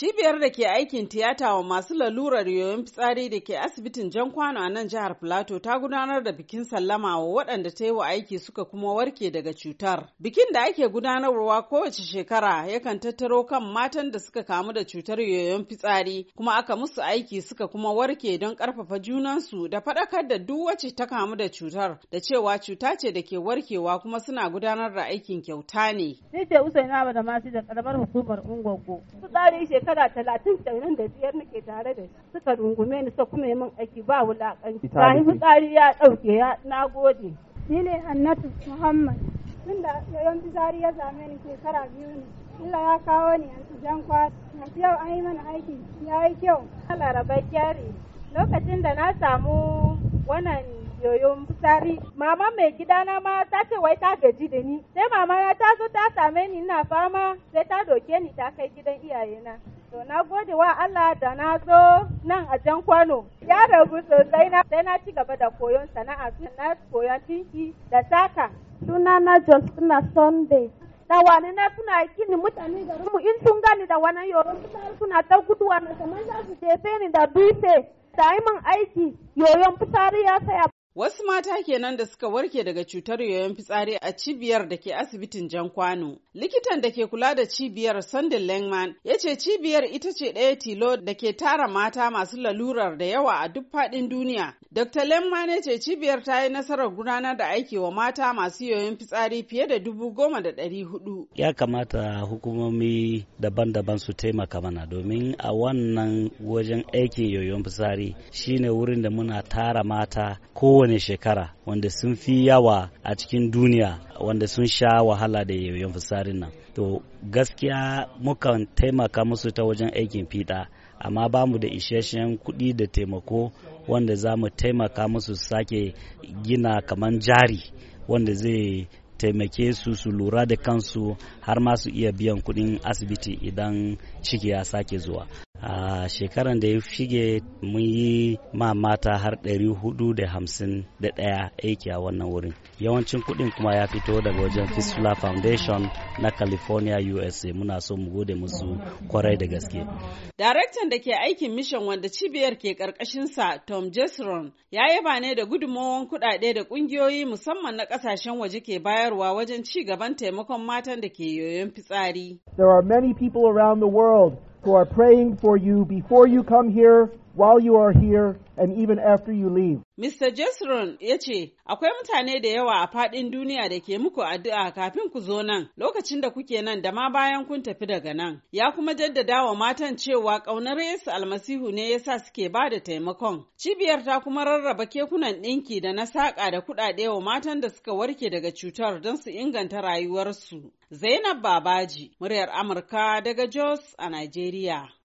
Cibiyar da ke aikin tiyata wa masu lalurar yoyon fitsari da ke asibitin Jan Kwano a nan jihar Filato ta gudanar da bikin sallama wa waɗanda ta yi wa aiki suka kuma warke daga cutar. Bikin da ake gudanarwa kowace shekara yakan tattaro kan matan da suka kamu da cutar yoyon fitsari kuma aka musu aiki suka kuma warke don ƙarfafa junansu da faɗakar da duk wacce ta kamu da cutar da cewa cuta ce da ke warkewa kuma suna gudanar da aikin kyauta ne. Ni ce da ƙaramar hukumar shekara talatin nan da biyar nake tare da shi suka rungume ni suka kuma yi min aiki ba wulakanci ga fitsari ya ɗauke ya na gode ni ne annatu muhammad tun da yawan fitsari ya zame ni shekara biyu ne Allah ya kawo ni yanzu jan kwat yau an yi mana aiki ya yi kyau larabar gyari lokacin da na samu wannan yoyon fitsari. Mama mai gidana ma ta ce wai ta gaji da ni. Sai mama ya ta zo ta same ni ina fama sai ta doke ni ta kai gidan iyayena. To na gode wa Allah da na zo nan a jan kwano. Ya rabu sosai na sai na ci gaba da koyon sana'a na koyon tinki da saka. Suna na Justina Sunday. Da wani na suna gini mutane garinmu in sun gani da wani yoron fitar suna ta guduwa na kamar za su jefe ni da dutse. Ta yi min aiki yoyon fitari ya saya Wasu mata kenan da suka warke daga cutar yoyon fitsari a cibiyar da ke asibitin Jan Kwano. Likitan da ke kula da cibiyar Sandin Langman ya ce cibiyar ita ce ɗaya tilo da ke tara mata masu lalurar da yawa a duk faɗin duniya. Dr. Langman ya ce cibiyar ta yi nasarar gudanar da aiki wa mata masu yoyon fitsari fiye da dubu goma da ɗari hudu. Ya kamata hukumomi daban-daban su taimaka mana domin a wannan wajen aikin yoyon fitsari shine wurin da muna tara mata kowane kowane shekara wanda sun fi yawa a cikin duniya wanda sun sha wahala da yoyon fusarin nan to gaskiya mukan taimaka musu ta wajen aikin fiɗa amma ba mu da isasshen kuɗi da taimako wanda za mu taimaka musu sake gina kamar jari wanda zai taimake su su lura da kansu har ma su iya biyan kuɗin asibiti idan ciki ya sake zuwa a shekaran da ya shige mun yi ma mata har 451 aiki a wannan wurin yawancin kuɗin kuma ya fito daga wajen fistula foundation na california usa muna so mu gode musu kwarai da gaske daraktan da ke aikin mission wanda cibiyar ke karkashin sa tom jesron ya yaba ne da gudummawan kuɗaɗe da ƙungiyoyi musamman na ƙasashen waje ke bayarwa wajen ci gaban taimakon matan da ke yoyon fitsari there are many people around the world who are praying for you before you come here while you are here and even after you leave. Mr. Jesron ya ce, Akwai mutane da yawa a faɗin duniya da ke muku addu'a kafin ku zo nan lokacin da kuke nan da ma bayan kun tafi daga nan. Ya kuma jaddada wa matan cewa ƙaunar Yesu almasihu ne ya sa suke ba da taimakon. Cibiyar ta kuma rarraba kekunan ɗinki da na saƙa da kuɗaɗe wa matan da suka warke daga cutar don su inganta rayuwarsu. Zainab Babaji, muryar Amurka daga Jos a Najeriya.